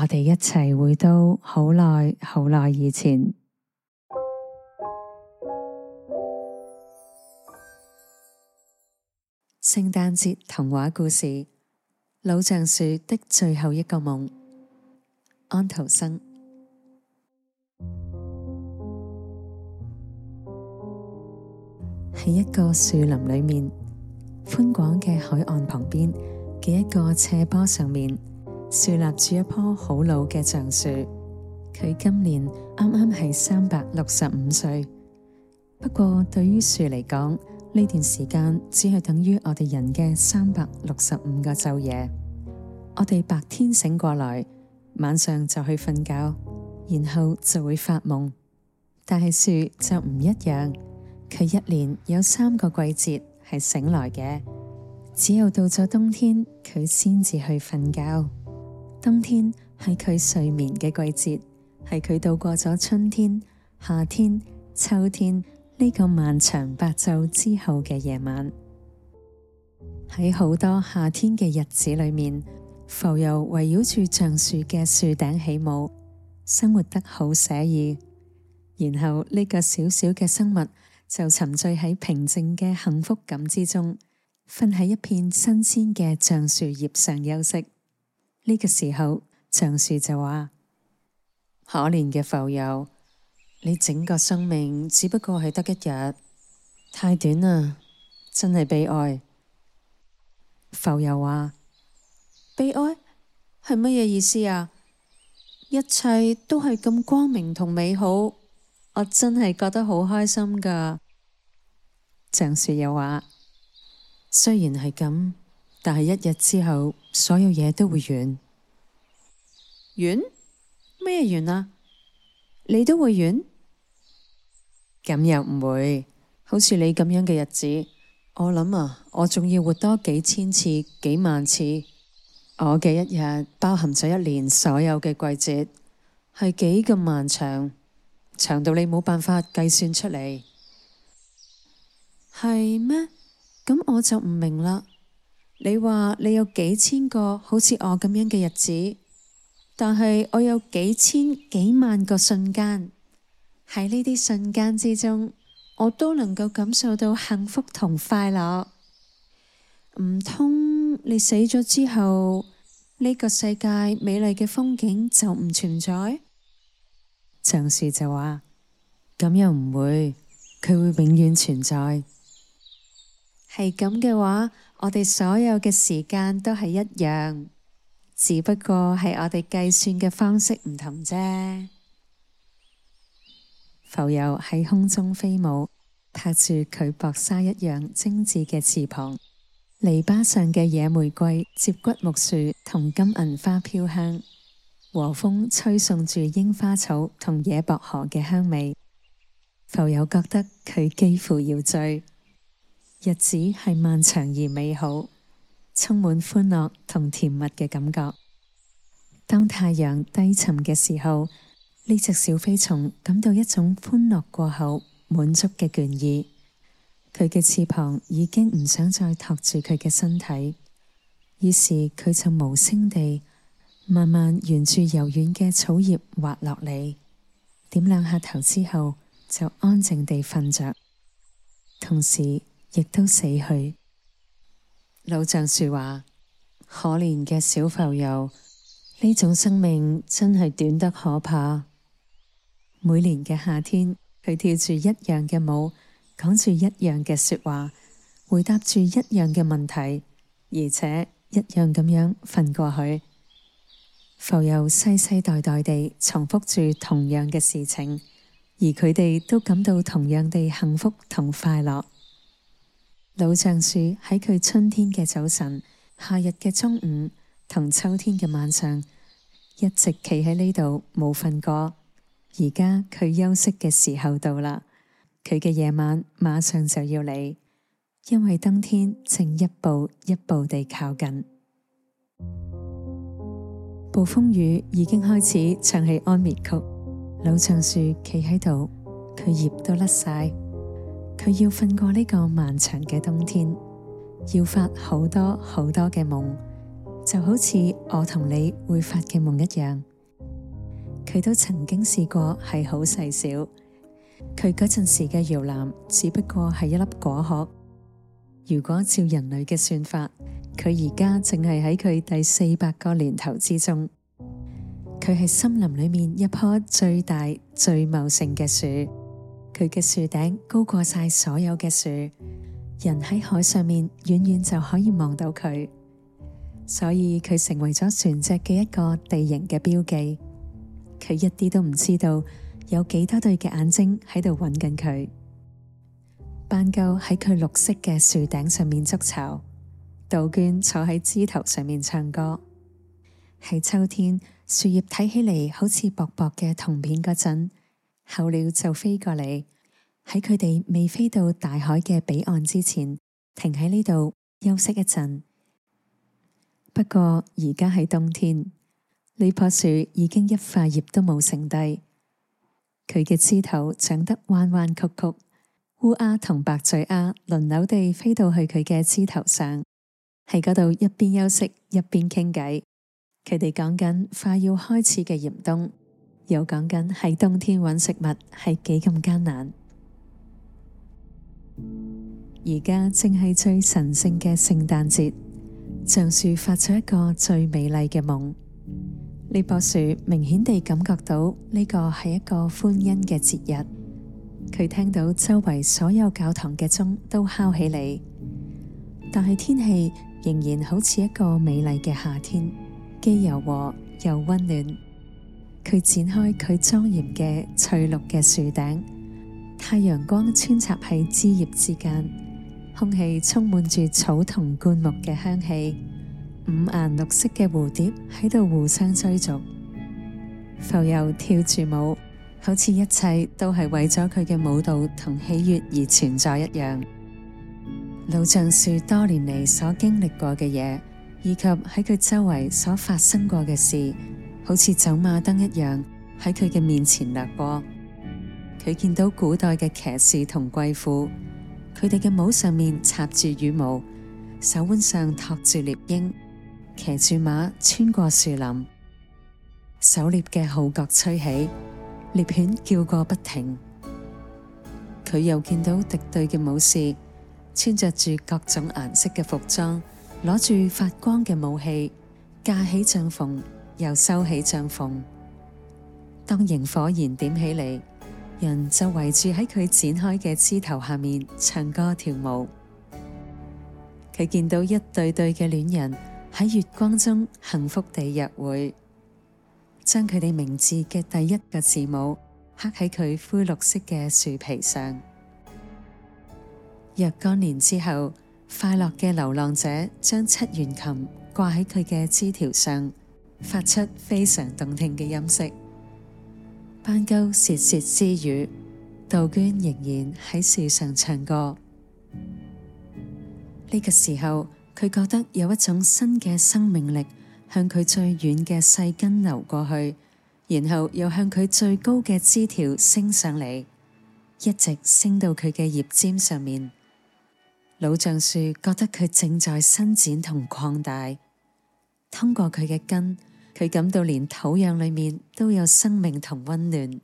我哋一齊回到好耐好耐以前，聖誕節童話故事《老橡樹的最後一個夢》安徒生。喺 一個樹林裏面，寬廣嘅海岸旁邊嘅一個斜坡上面，樹立住一棵好老嘅橡樹，佢今年啱啱係三百六十五歲。不過對於樹嚟講，呢段時間只係等於我哋人嘅三百六十五個晝夜。我哋白天醒過來，晚上就去瞓覺，然後就會發夢。但係樹就唔一樣，佢一年有三個季節係醒來嘅，只有到咗冬天，佢先至去瞓覺。冬天係佢睡眠嘅季節，係佢度過咗春天、夏天、秋天呢，這個漫長白晝之後嘅夜晚。喺好多夏天嘅日子裏面，浮游圍繞住橡樹嘅樹頂起舞，生活得好寫意。然後呢個小小嘅生物就沉醉喺平靜嘅幸福感之中，瞓喺一片新鮮嘅橡樹葉上休息。呢個時候，橡樹就話：可憐嘅蜉蝣，你整個生命只不過係得一日，太短啦，真係悲哀。蜉蝣話：悲哀係乜嘢意思啊？一切都係咁光明同美好，我真係覺得好開心㗎。橡樹又話：雖然係咁。但係一日之後，所有嘢都會完。完？咩完啊？你都會完？咁又唔會，好似你咁樣嘅日子，我諗啊，我仲要活多幾千次、幾萬次。我嘅一日包含咗一年所有嘅季節，係幾咁漫長，長到你冇辦法計算出嚟。係咩？咁我就唔明啦。你話你有幾千個好似我咁樣嘅日子，但係我有幾千幾萬個瞬間，喺呢啲瞬間之中，我都能夠感受到幸福同快樂。唔通你死咗之後，呢個世界美麗嘅風景就唔存在？橡樹就話咁又唔會，佢會永遠存在。係咁嘅話。我哋所有嘅時間都係一樣，只不過係我哋計算嘅方式唔同啫。浮游喺空中飛舞，拍住佢薄紗一樣精緻嘅翅膀。籬笆上嘅野玫瑰、接骨木樹同金銀花飄香，和風吹送住櫻花草同野薄荷嘅香味。浮游覺得佢幾乎要醉。日子係漫長而美好，充滿歡樂同甜蜜嘅感覺。當太陽低沉嘅時候，呢隻小飛蟲感到一種歡樂過後滿足嘅倦意。佢嘅翅膀已經唔想再托住佢嘅身體，於是佢就無聲地慢慢沿住柔軟嘅草葉滑落嚟，點兩下頭之後就安靜地瞓着。同時。亦都死去。老橡樹說話，可憐嘅小浮游，呢種生命真係短得可怕。每年嘅夏天，佢跳住一樣嘅舞，講住一樣嘅說話，回答住一樣嘅問題，而且一樣咁樣瞓過去。浮游世世代代地重複住同樣嘅事情，而佢哋都感到同樣地幸福同快樂。老橡樹喺佢春天嘅早晨，夏日嘅中午同秋天嘅晚上，一直企喺呢度冇瞓過。而家佢休息嘅時候到啦，佢嘅夜晚馬上就要嚟，因為冬天正一步一步地靠近。暴風雨已經開始唱起安眠曲，老橡樹企喺度，佢葉都甩晒。佢要瞓過呢個漫長嘅冬天，要發好多好多嘅夢，就好似我同你會發嘅夢一樣。佢都曾經試過係好細小，佢嗰陣時嘅搖籃只不過係一粒果殼。如果照人類嘅算法，佢而家淨係喺佢第四百個年頭之中。佢係森林裏面一棵最大最茂盛嘅樹。佢嘅樹頂高過晒所有嘅樹，人喺海上面遠遠就可以望到佢，所以佢成為咗船隻嘅一個地形嘅標記。佢一啲都唔知道有幾多對嘅眼睛喺度揾緊佢。斑鳩喺佢綠色嘅樹頂上面築巢，杜鵑坐喺枝頭上面唱歌。喺秋天，樹葉睇起嚟好似薄薄嘅銅片嗰陣。候鳥就飛過嚟，喺佢哋未飛到大海嘅彼岸之前，停喺呢度休息一陣。不過而家係冬天，呢棵樹已經一塊葉都冇剩低，佢嘅枝頭長得彎彎曲曲。烏鴉同白嘴鴉輪流地飛到去佢嘅枝頭上，喺嗰度一邊休息一邊傾偈。佢哋講緊快要開始嘅嚴冬。有講緊喺冬天搵食物係幾咁艱難。而家正係最神聖嘅聖誕節，橡樹發咗一個最美麗嘅夢。李博樹明顯地感覺到呢個係一個歡欣嘅節日。佢聽到周圍所有教堂嘅鐘都敲起嚟，但係天氣仍然好似一個美麗嘅夏天，既柔和又溫暖。佢展開佢莊嚴嘅翠綠嘅樹頂，太陽光穿插喺枝葉之間，空氣充滿住草同灌木嘅香氣，五顏六色嘅蝴蝶喺度互相追逐，浮游跳住舞，好似一切都係為咗佢嘅舞蹈同喜悦而存在一樣。老橡樹多年嚟所經歷過嘅嘢，以及喺佢周圍所發生過嘅事。好似走馬燈一樣喺佢嘅面前掠過，佢見到古代嘅騎士同貴婦，佢哋嘅帽上面插住羽毛，手腕上托住獵鷹，騎住馬穿過樹林，狩獵嘅號角吹起，獵犬叫個不停。佢又見到敵對嘅武士，穿着住各種顏色嘅服裝，攞住發光嘅武器，架起帳篷。又收起帳篷，當螢火燃點起嚟，人就圍住喺佢展開嘅枝頭下面唱歌跳舞。佢見到一對對嘅戀人喺月光中幸福地約會，將佢哋名字嘅第一個字母刻喺佢灰綠色嘅樹皮上。若干年之後，快樂嘅流浪者將七弦琴掛喺佢嘅枝條上。發出非常動聽嘅音色，斑鳩竊竊私語，杜鵑仍然喺樹上唱歌。呢個時候，佢覺得有一種新嘅生命力向佢最遠嘅細根流過去，然後又向佢最高嘅枝條升上嚟，一直升到佢嘅葉尖上面。老橡樹覺得佢正在伸展同擴大。通過佢嘅根，佢感到連土壤裏面都有生命同溫暖。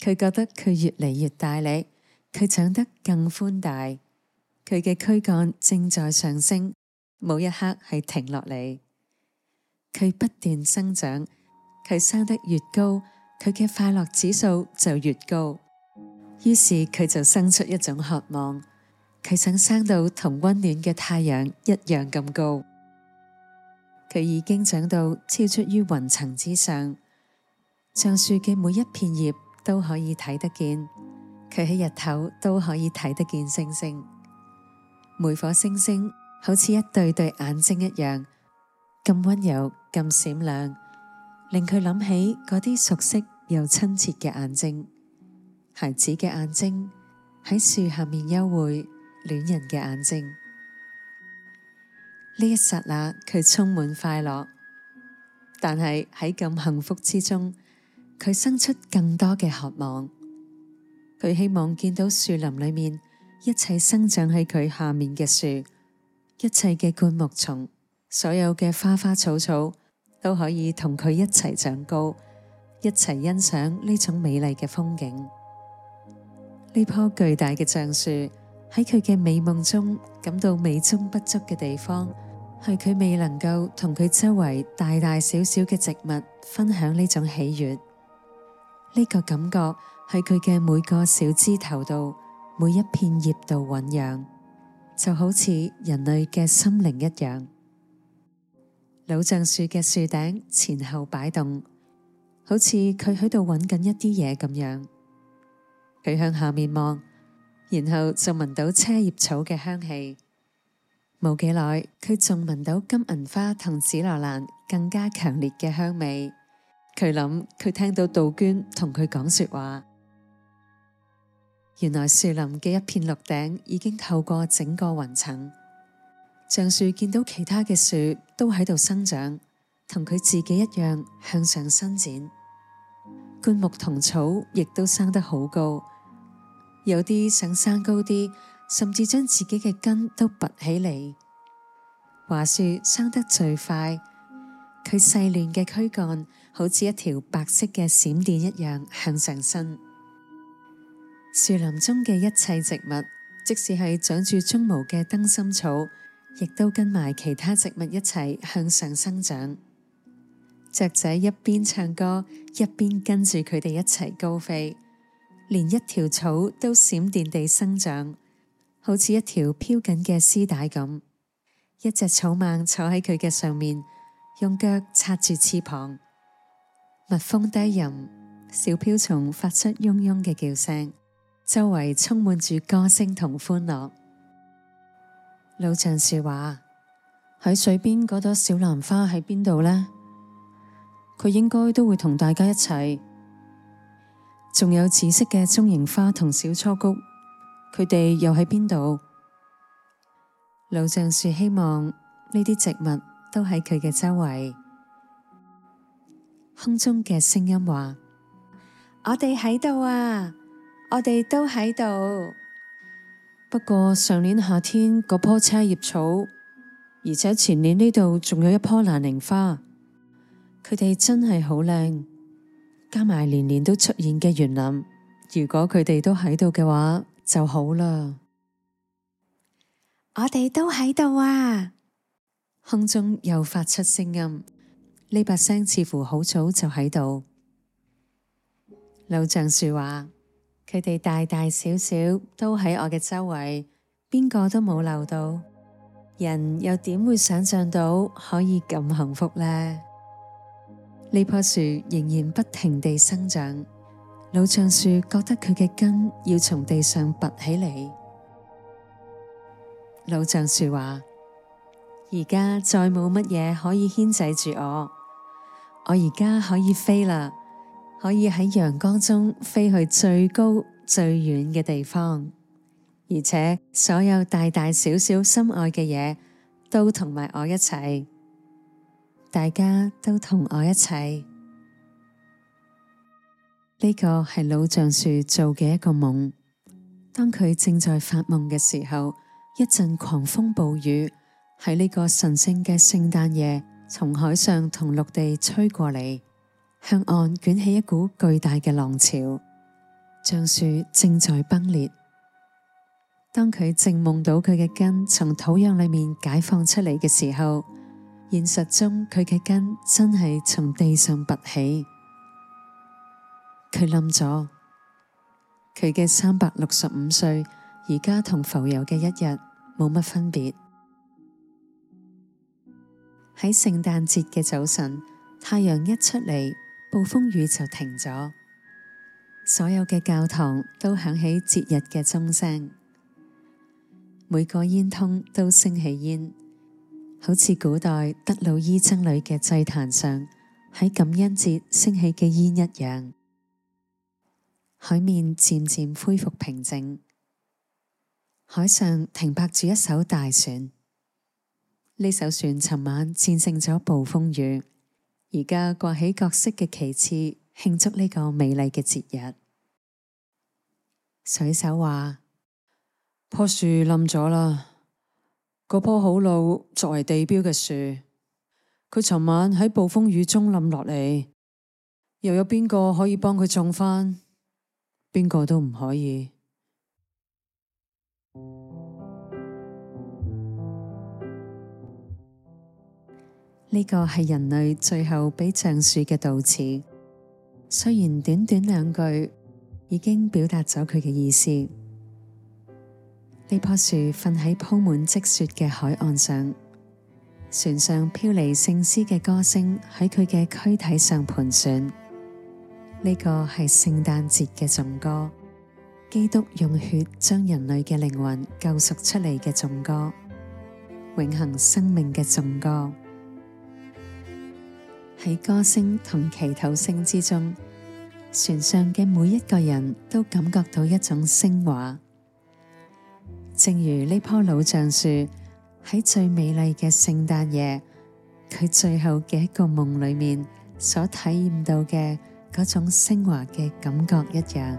佢覺得佢越嚟越大力，佢長得更寬大，佢嘅軀幹正在上升，冇一刻係停落嚟。佢不斷生長，佢生得越高，佢嘅快樂指數就越高。於是佢就生出一種渴望，佢想生到同溫暖嘅太陽一樣咁高。佢已經長到超出於雲層之上，橡樹嘅每一片葉都可以睇得見。佢喺日頭都可以睇得見星星，每顆星星好似一對對眼睛一樣，咁溫柔、咁閃亮，令佢諗起嗰啲熟悉又親切嘅眼睛，孩子嘅眼睛、喺樹下面幽會戀人嘅眼睛。呢一剎那，佢充滿快樂，但係喺咁幸福之中，佢生出更多嘅渴望。佢希望見到樹林裏面一切生長喺佢下面嘅樹，一切嘅灌木叢，所有嘅花花草草都可以同佢一齊長高，一齊欣賞呢種美麗嘅風景。呢棵巨大嘅橡樹喺佢嘅美夢中感到美中不足嘅地方，係佢未能夠同佢周圍大大小小嘅植物分享呢種喜悅，呢、呢個感覺係佢嘅每個小枝頭度、每一片葉度醞釀，就好似人類嘅心靈一樣。老橡樹嘅樹頂前後擺動，好似佢喺度揾緊一啲嘢咁樣。佢向下面望，然後就聞到車葉草嘅香氣。冇幾耐，佢仲聞到金銀花同紫羅蘭更加強烈嘅香味。佢諗佢聽到杜鵑同佢講說話。原來樹林嘅一片綠頂已經透過整個雲層。橡樹見到其他嘅樹都喺度生長，同佢自己一樣向上伸展。灌木同草亦都生得好高，有啲想生高啲。甚至將自己嘅根都拔起嚟。話說生得最快，佢細嫩嘅軀幹好似一條白色嘅閃電一樣向上伸。樹林中嘅一切植物，即使係長住鬃毛嘅燈芯草，亦都跟埋其他植物一齊向上生長。雀仔一邊唱歌，一邊跟住佢哋一齊高飛，連一條草都閃電地生長。好似一條飄緊嘅絲帶咁，一隻草蜢坐喺佢嘅上面，用腳插住翅膀。蜜蜂低吟，小瓢蟲發出嗡嗡嘅叫聲，周圍充滿住歌聲同歡樂。老橡樹話喺 水邊嗰朵小蘭花喺邊度呢？佢應該都會同大家一齊。仲有紫色嘅鐘形花同小雛菊。佢哋又喺邊度？老橡樹希望呢啲植物都喺佢嘅周圍。空中嘅聲音話：我哋喺度啊！我哋都喺度。不過上年夏天嗰棵車葉草，而且前年呢度仲有一棵蘭陵花，佢哋真係好靚。加埋年年都出現嘅園林，如果佢哋都喺度嘅話。就好啦，我哋都喺度啊！空中又發出聲音，呢把聲似乎好早就喺度。老橡樹話，佢哋大大小小都喺我嘅周圍，邊個都冇漏到。人又點會想象到可以咁幸福呢？呢棵樹仍然不停地生長。老橡樹覺得佢嘅根要從地上拔起嚟。老橡樹話，而家再冇乜嘢可以牽制住我，我而家可以飛啦，可以喺陽光中飛去最高最遠嘅地方，而且所有大大小小心愛嘅嘢都同埋我一齊，大家都同我一齊。呢個係老橡樹做嘅一個夢。當佢正在發夢嘅時候，一陣狂風暴雨喺呢個神聖嘅聖誕夜從海上同陸地吹過嚟，向岸捲起一股巨大嘅浪潮。橡樹正在崩裂。當佢正夢到佢嘅根從土壤裏面解放出嚟嘅時候，現實中佢嘅根真係從地上拔起。佢冧咗，佢嘅三百六十五歲而家同浮游嘅一日冇乜分別。喺聖誕節嘅早晨，太陽一出嚟，暴風雨就停咗。所有嘅教堂都響起節日嘅鐘聲，每個煙囪都升起煙，好似古代德魯伊僧侶嘅祭壇上喺感恩節升起嘅煙一樣。海面漸漸恢復平靜，海上停泊住一艘大船。呢艘船尋晚戰勝咗暴風雨，而家掛起各色嘅旗幟慶祝呢個美麗嘅節日。水手話：棵樹冧咗啦，嗰棵好老作為地標嘅樹，佢尋晚喺暴風雨中冧落嚟，又有邊個可以幫佢種翻？邊個都唔可以？呢個係人類最後畀橡樹嘅悼詞。雖然短短兩句，已經表達咗佢嘅意思。呢棵樹瞓喺鋪滿積雪嘅海岸上，船上飄嚟聖詩嘅歌聲喺佢嘅軀體上盤旋。呢個係聖誕節嘅頌歌，基督用血將人類嘅靈魂救贖出嚟嘅頌歌，永恒生命嘅頌歌。喺歌聲同祈禱聲之中，船上嘅每一個人都感覺到一種升華。正如呢棵老橡樹喺最美麗嘅聖誕夜，佢最後嘅一個夢裏面所體驗到嘅。嗰種昇華嘅感覺一樣。